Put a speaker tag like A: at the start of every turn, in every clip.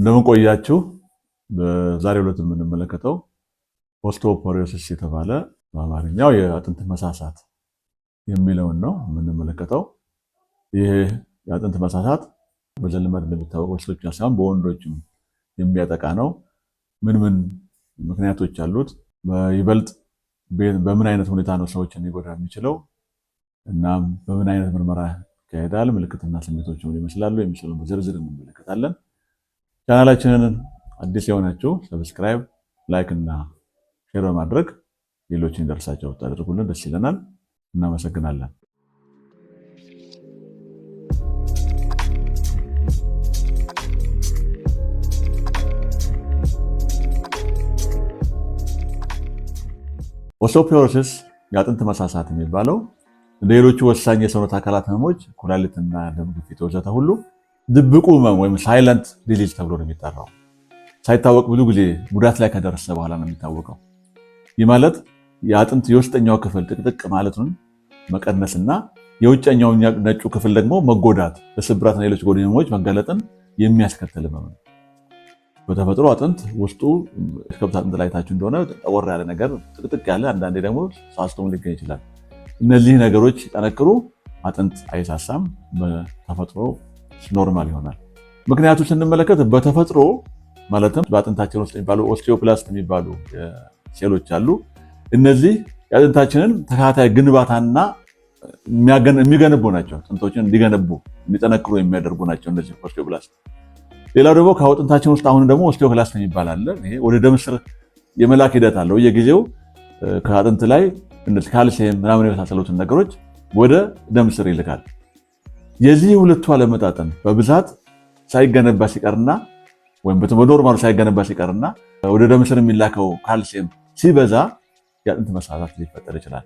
A: እንደምንቆያችሁ በዛሬ በዛሬው ዕለት የምንመለከተው ኦስቲዮፖሮሲስ የተባለ በአማርኛው የአጥንት መሳሳት የሚለውን ነው የምንመለከተው። ይህ የአጥንት መሳሳት በዘልማድ እንደሚታወቀው በሴቶች ብቻ ሳይሆን በወንዶችም የሚያጠቃ ነው። ምን ምን ምክንያቶች አሉት? ይበልጥ በምን አይነት ሁኔታ ነው ሰዎችን ሊጎዳ የሚችለው? እናም በምን አይነት ምርመራ ይካሄዳል? ምልክትና ስሜቶች ምን ይመስላሉ? የሚችለውን በዝርዝር እንመለከታለን። ቻናላችንን አዲስ የሆናችሁ ሰብስክራይብ፣ ላይክ እና ሼር በማድረግ ሌሎች ይደርሳቸው ታደርጉልን ደስ ይለናል። እናመሰግናለን። ኦስቲዮፖሮሲስ የአጥንት መሳሳት የሚባለው እንደ ሌሎቹ ወሳኝ የሰውነት አካላት ህመሞች ኩላሊትና ደም ግፊት ወዘተ ሁሉ ድብቁ ህመም ወይም ሳይለንት ዲዚዝ ተብሎ ነው የሚጠራው። ሳይታወቅ ብዙ ጊዜ ጉዳት ላይ ከደረሰ በኋላ ነው የሚታወቀው። ይህ ማለት የአጥንት የውስጠኛው ክፍል ጥቅጥቅ ማለቱን መቀነስና የውጨኛው ነጩ ክፍል ደግሞ መጎዳት፣ ለስብራትና ሌሎች ጎድን ህመሞች መጋለጥን የሚያስከትል ህመም ነው። በተፈጥሮ አጥንት ውስጡ ከብት አጥንት ላይ እንደሆነ ጠቆር ያለ ነገር ጥቅጥቅ ያለ አንዳንዴ ደግሞ ሳስቶም ሊገኝ ይችላል። እነዚህ ነገሮች ጠነክሩ አጥንት አይሳሳም በተፈጥሮ ኖርማል ይሆናል። ምክንያቱ ስንመለከት በተፈጥሮ ማለትም በአጥንታችን ውስጥ የሚባሉ ኦስቲዮፕላስት የሚባሉ ሴሎች አሉ። እነዚህ የአጥንታችንን ተከታታይ ግንባታና የሚገነቡ ናቸው። ጥንቶችን እንዲገነቡ እንዲጠነክሩ የሚያደርጉ ናቸው እነዚህ ኦስቲዮፕላስት። ሌላው ደግሞ ከአጥንታችን ውስጥ አሁን ደግሞ ኦስቲዮክላስት የሚባል አለ። ይሄ ወደ ደም ስር የመላክ ሂደት አለው። የጊዜው ከአጥንት ላይ ካልሲየም ምናምን የመሳሰሉትን ነገሮች ወደ ደም ስር ይልካል። የዚህ የሁለቱ አለመጣጠን በብዛት ሳይገነባ ሲቀርና ወይም በኖርማሉ ሳይገነባ ሲቀርና ወደ ደምስር የሚላከው ካልሲየም ሲበዛ የአጥንት መሳሳት ሊፈጠር ይችላል።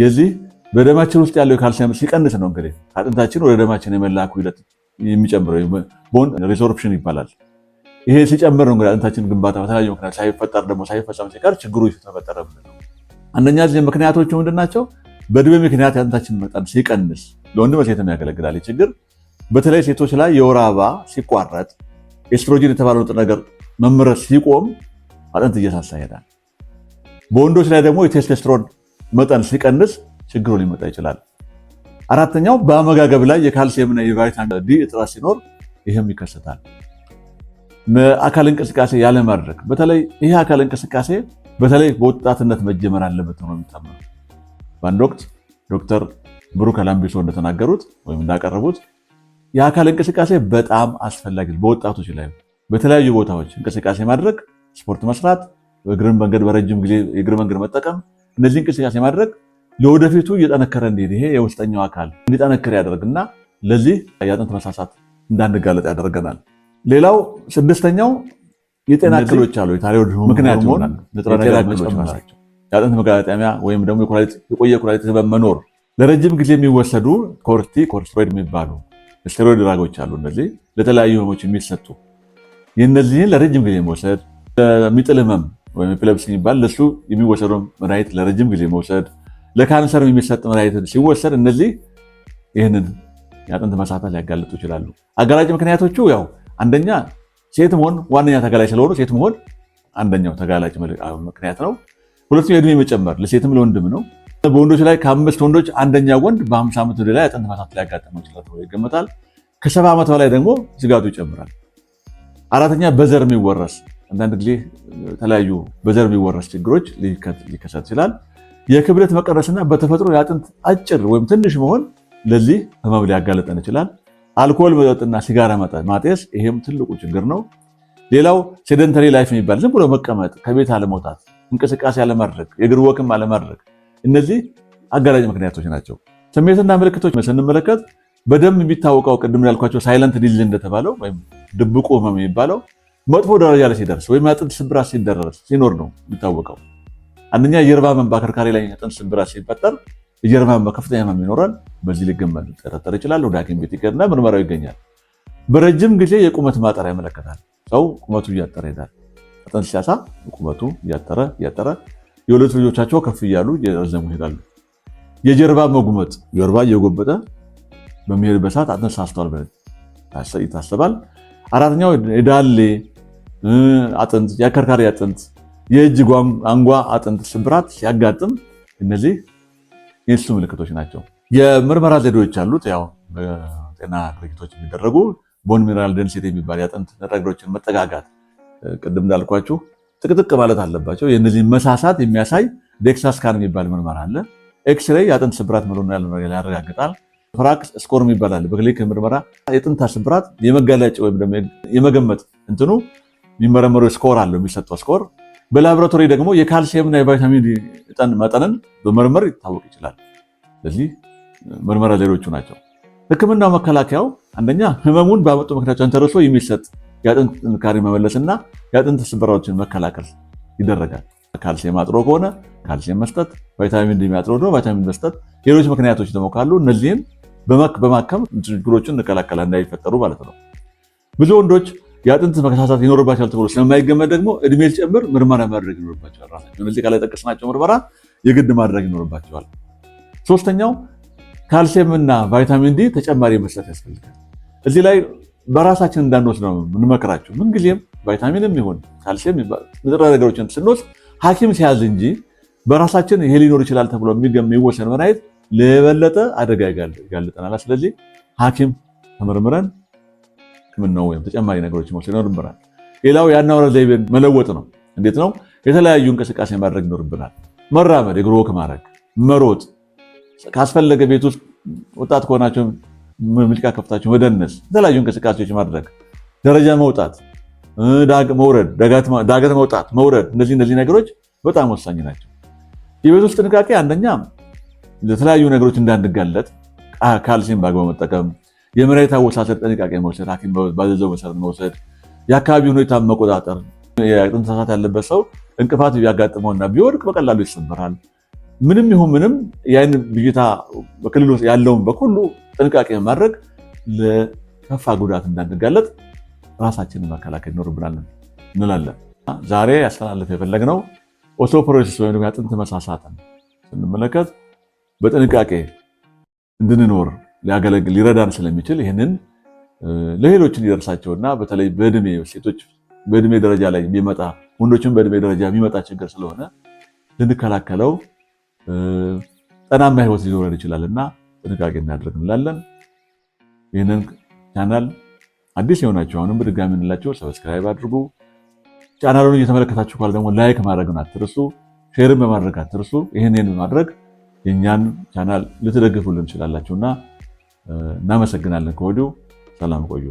A: የዚህ በደማችን ውስጥ ያለው የካልሲየም ሲቀንስ ነው እንግዲህ አጥንታችን ወደ ደማችን የመላኩ ሂደት የሚጨምረው ቦን ሪሶርፕሽን ይባላል። ይሄ ሲጨምር ነው እንግዲህ አጥንታችን ግንባታ በተለያዩ ምክንያት ሳይፈጠር ደግሞ ሳይፈጸም ሲቀር ችግሩ ተፈጠረ። አንደኛ ምክንያቶቹ ምንድን ናቸው? በእድሜ ምክንያት የአጥንታችን መጠን ሲቀንስ ለወንድ በሴትም ያገለግላል። ችግር በተለይ ሴቶች ላይ የወር አበባ ሲቋረጥ ኤስትሮጂን የተባለው ንጥረ ነገር መመረት ሲቆም አጥንት እየሳሳ ይሄዳል። በወንዶች ላይ ደግሞ የቴስቴስትሮን መጠን ሲቀንስ ችግሩ ሊመጣ ይችላል። አራተኛው በአመጋገብ ላይ የካልሲየምና የቫይታሚን ዲ እጥረት ሲኖር ይህም ይከሰታል። አካል እንቅስቃሴ ያለማድረግ በተለይ ይህ አካል እንቅስቃሴ በተለይ በወጣትነት መጀመር አለበት ነው የሚታመኑ። በአንድ ወቅት ዶክተር ብሩክ አላምቢሶ እንደተናገሩት ወይም እንዳቀረቡት የአካል እንቅስቃሴ በጣም አስፈላጊ በወጣቶች ላይ በተለያዩ ቦታዎች እንቅስቃሴ ማድረግ፣ ስፖርት መስራት፣ እግር መንገድ በረጅም ጊዜ የእግር መንገድ መጠቀም፣ እነዚህ እንቅስቃሴ ማድረግ ለወደፊቱ እየጠነከረ እንዲሄድ ይሄ የውስጠኛው አካል እንዲጠነከር ያደርግና ለዚህ የአጥንት መሳሳት እንዳንጋለጥ ያደርገናል። ሌላው ስድስተኛው የጤና እክሎች አሉ። የታይሮይድ ምክንያት የሆኑ የአጥንት መጋጠሚያ ወይም ደግሞ የቆየ ኩላሊት መኖር ለረጅም ጊዜ የሚወሰዱ ኮርቲ ኮርቲሶይድ የሚባሉ ስቴሮይድ ድራጎች አሉ። እነዚህ ለተለያዩ ህሞች የሚሰጡ የእነዚህን ለረጅም ጊዜ መውሰድ ለሚጥል ህመም ወይም ኤፒለፕሲ የሚባል ለሱ የሚወሰዱ መድኃኒት ለረጅም ጊዜ መውሰድ፣ ለካንሰር የሚሰጥ መድኃኒት ሲወሰድ እነዚህ ይህንን የአጥንት መሳሳት ሊያጋልጡ ይችላሉ። አጋላጭ ምክንያቶቹ ያው አንደኛ ሴት መሆን ዋነኛ ተጋላጭ ስለሆኑ ሴት መሆን አንደኛው ተጋላጭ ምክንያት ነው። ሁለተኛው የእድሜ መጨመር ለሴትም ለወንድም ነው። በወንዶች ላይ ከአምስት ወንዶች አንደኛ ወንድ በ50 ዓመት ወደ ላይ አጥንት መሳት ሊያጋጥመው ይችላል ተብሎ ይገመታል። ከሰባ ዓመት በላይ ደግሞ ስጋቱ ይጨምራል። አራተኛ በዘር የሚወረስ አንዳንድ ጊዜ የተለያዩ በዘር የሚወረስ ችግሮች ሊከሰት ይችላል። የክብደት መቀነስና በተፈጥሮ የአጥንት አጭር ወይም ትንሽ መሆን ለዚህ ህመም ሊያጋለጠን ይችላል። አልኮል መጠጥና ሲጋራ ማጤስ ይሄም ትልቁ ችግር ነው። ሌላው ሴደንተሪ ላይፍ የሚባል ዝም ብሎ መቀመጥ፣ ከቤት አለመውጣት፣ እንቅስቃሴ አለማድረግ፣ የእግር ወክም አለማድረግ እነዚህ አጋላጭ ምክንያቶች ናቸው። ስሜትና ምልክቶች ስንመለከት በደንብ የሚታወቀው ቅድም ያልኳቸው ሳይለንት ዲዚዝ እንደተባለው ወይም ድብቁ ህመም የሚባለው መጥፎ ደረጃ ላይ ሲደርስ ወይም የአጥንት ስብራት ሲደረስ ሲኖር ነው የሚታወቀው። አንደኛ የጀርባ ህመም በአከርካሪ ላይ የአጥንት ስብራት ሲፈጠር የጀርባ ህመም ከፍተኛ ህመም ይኖራል። በዚህ ሊገመት ሊጠረጠር ይችላል። ወደ ሐኪም ቤት ይገድና ምርመራው ይገኛል። በረጅም ጊዜ የቁመት ማጠር ያመለከታል። ሰው ቁመቱ እያጠረ ይሄዳል። አጥንት ሲያሳ ቁመቱ እያጠረ እያጠረ የሁለት ልጆቻቸው ከፍ እያሉ እየረዘሙ ይሄዳሉ። የጀርባ መጉመጥ ጀርባ እየጎበጠ በሚሄድበት ሰዓት ተሳስተዋል ብለን ይታሰባል። አራተኛው የዳሌ አጥንት፣ የአከርካሪ አጥንት፣ የእጅ አንጓ አጥንት ስብራት ሲያጋጥም እነዚህ የእሱ ምልክቶች ናቸው። የምርመራ ዘዴዎች አሉት። ያው ጤና ድርጊቶች የሚደረጉ ቦን ሚነራል ደንሴት የሚባል የአጥንት ንጥረ ነገሮችን መጠጋጋት ቅድም እንዳልኳችሁ ጥቅጥቅ ማለት አለባቸው። የእነዚህ መሳሳት የሚያሳይ ዴክሳ ስካን የሚባል ምርመራ አለ። ኤክስሬይ የአጥንት ስብራት መሆኑ ያረጋግጣል። ፍራክስ ስኮር ይባላል። በክሊክ ምርመራ የጥንታ ስብራት የመጋለጭ ወይም ደግሞ የመገመጥ እንትኑ የሚመረመሩ ስኮር አለው የሚሰጠው ስኮር። በላቦራቶሪ ደግሞ የካልሲየምና የቫይታሚን እጠን መጠንን በመርመር ይታወቅ ይችላል። ስለዚህ ምርመራ ሌሎቹ ናቸው። ሕክምናው መከላከያው አንደኛ ህመሙን በአመጡ ምክንያቱን ተረሶ የሚሰጥ የአጥንት ጥንካሬ መመለስና የአጥንት ስበራዎችን መከላከል ይደረጋል። ካልሲየም አጥሮ ከሆነ ካልሲየም መስጠት፣ ቫይታሚን ዲ የሚያጥሮ ደግሞ ቫይታሚን መስጠት፣ ሌሎች ምክንያቶች ደግሞ ካሉ እነዚህም በማከም ችግሮችን እንከላከላ እንዳይፈጠሩ ማለት ነው። ብዙ ወንዶች የአጥንት መከሳሳት ይኖርባቸዋል ተብሎ ስለማይገመት ደግሞ እድሜ ሲጨምር ምርመራ ማድረግ ይኖርባቸዋል። ራሳቸው እነዚህ የጠቀስናቸው ምርመራ የግድ ማድረግ ይኖርባቸዋል። ሶስተኛው ካልሲየምና ቫይታሚን ዲ ተጨማሪ መስጠት ያስፈልጋል። እዚህ ላይ በራሳችን እንዳንወስድ ነው የምንመክራቸው። ምንጊዜም ቫይታሚንም ይሁን ካልሲየም ንጥረ ነገሮችን ስንወስድ ሐኪም ሲያዝ እንጂ በራሳችን ይሄ ሊኖር ይችላል ተብሎ የሚወሰን መድኃኒት ለበለጠ አደጋ ይጋልጠናል። ስለዚህ ሐኪም ተመርምረን ሕክምናው ወይም ተጨማሪ ነገሮች መውሰድ ይኖርብናል። ሌላው የአኗኗር ዘይቤን መለወጥ ነው። እንዴት ነው? የተለያዩ እንቅስቃሴ ማድረግ ይኖርብናል። መራመድ፣ የግሮክ ማድረግ፣ መሮጥ ካስፈለገ ቤት ውስጥ ወጣት ከሆናቸው ምልቃ ከፍታችሁ መደነስ፣ የተለያዩ እንቅስቃሴዎች ማድረግ፣ ደረጃ መውጣት፣ መውረድ፣ ዳገት መውጣት፣ መውረድ፣ እነዚህ እነዚህ ነገሮች በጣም ወሳኝ ናቸው። የቤት ውስጥ ጥንቃቄ አንደኛ ለተለያዩ ነገሮች እንዳንጋለጥ ካልሲን በአግባቡ መጠቀም፣ የመሬት አወሳሰድ ጥንቃቄ መውሰድ፣ ሐኪም ባዘዘው መሰረት መውሰድ፣ የአካባቢ ሁኔታ መቆጣጠር። የአጥንት ያለበት ሰው እንቅፋት ቢያጋጥመውና ቢወድቅ በቀላሉ ይሰበራል። ምንም ይሁን ምንም የዓይን ብዥታ በክልል ውስጥ ያለውን በኩሉ ጥንቃቄ በማድረግ ለከፋ ጉዳት እንዳንጋለጥ ራሳችንን መከላከል ይኖርብናል እንላለን። ዛሬ ያስተላለፍ የፈለግነው ኦቶፕሮሲስ ወይም ደግሞ የአጥንት መሳሳትን ስንመለከት በጥንቃቄ እንድንኖር ሊያገለግል ሊረዳን ስለሚችል ይህንን ለሌሎች እንዲደርሳቸውና በተለይ በእድሜ ሴቶች በእድሜ ደረጃ ላይ የሚመጣ ወንዶችን በእድሜ ደረጃ የሚመጣ ችግር ስለሆነ ልንከላከለው ጠናማ ህይወት ሊኖረን ይችላል እና ጥንቃቄ እናደርግ እንላለን። ይህንን ቻናል አዲስ የሆናችሁ አሁንም በድጋሚ እንላችሁ ሰብስክራይብ አድርጉ። ቻናሉን እየተመለከታችሁ ካለ ደግሞ ላይክ ማድረግን አትርሱ፣ ሼርን በማድረግ አትርሱ። ይህንን በማድረግ የእኛን ቻናል ልትደግፉልን ትችላላችሁና እናመሰግናለን ከወዲሁ። ሰላም ቆዩ።